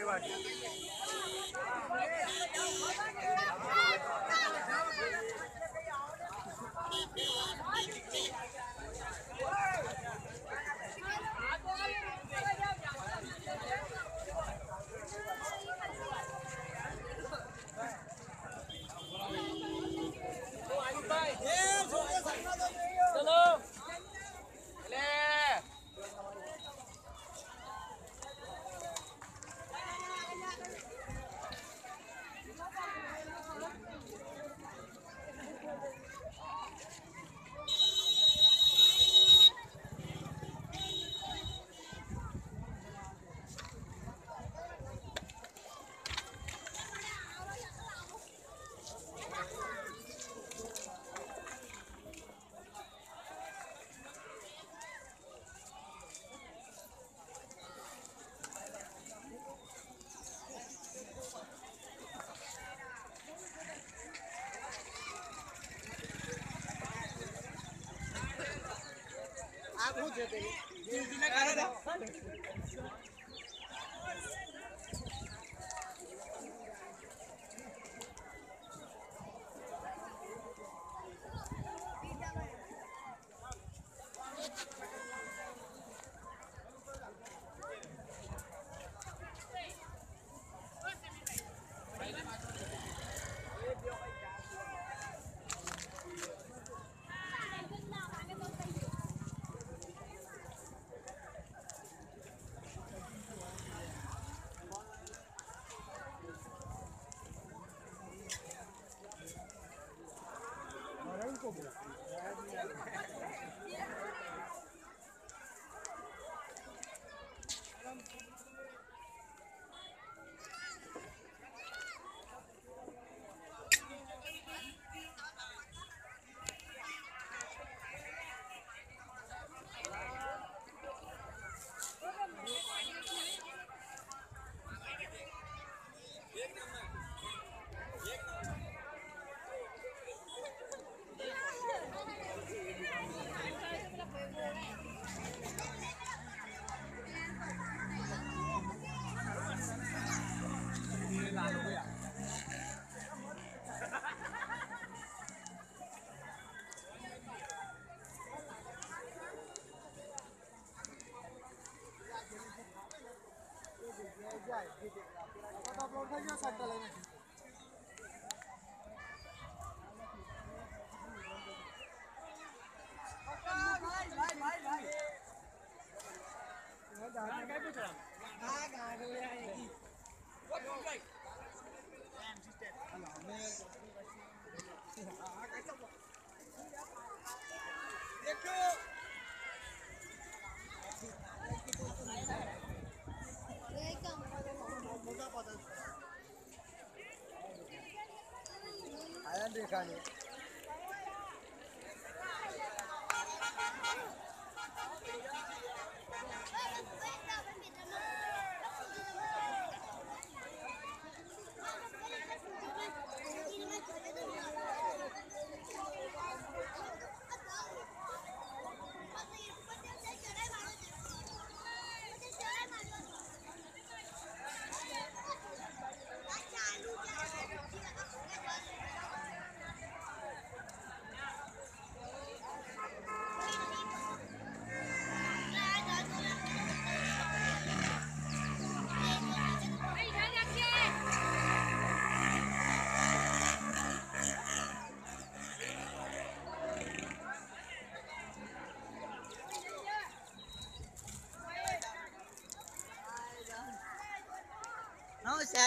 આવ્યા છે Bu cebeli. Bu cebeli. কটা ফ্লোর থাকে চারটা লাইন আছে వచ్చింది కానీ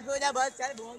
बैठो जा बस चल बोल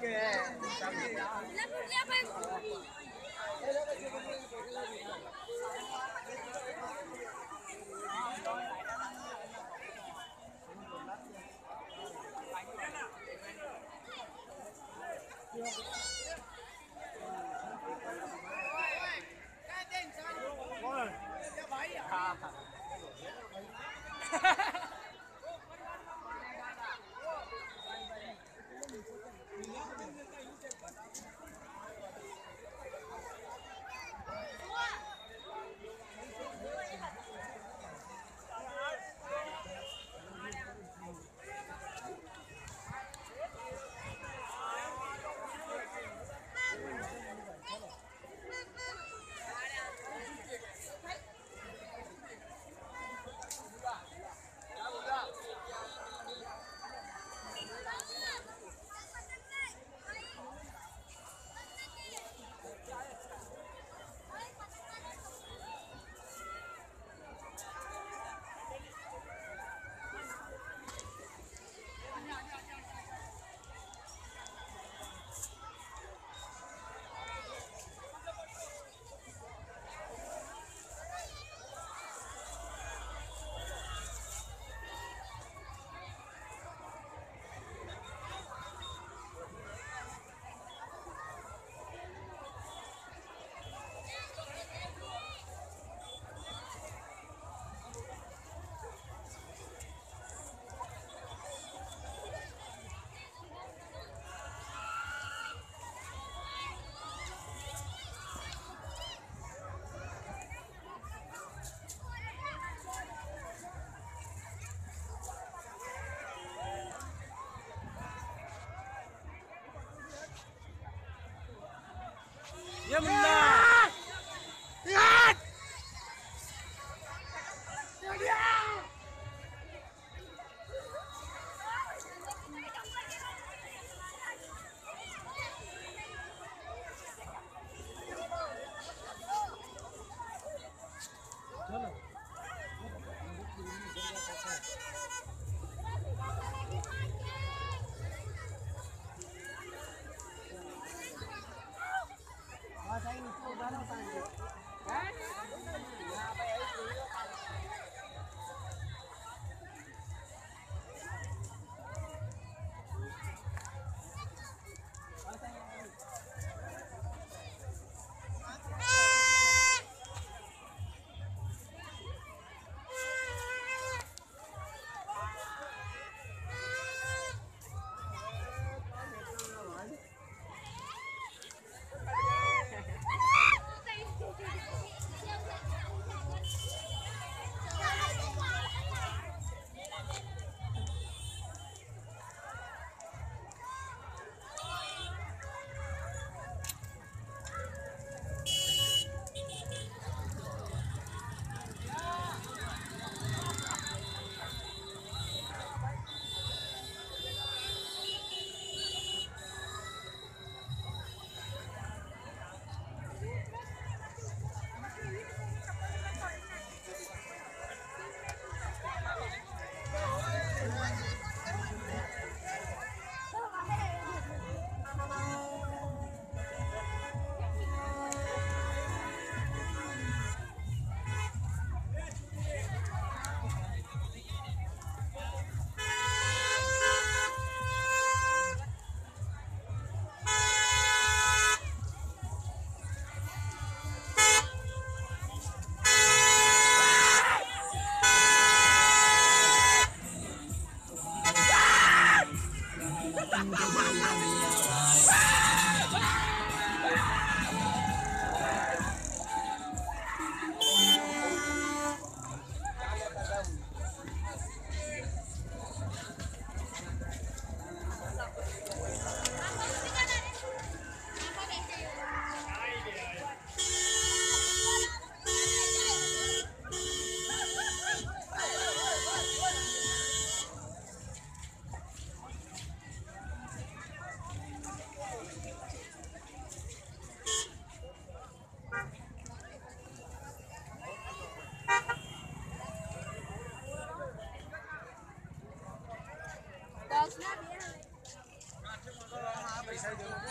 两百五。يمنا પૈસા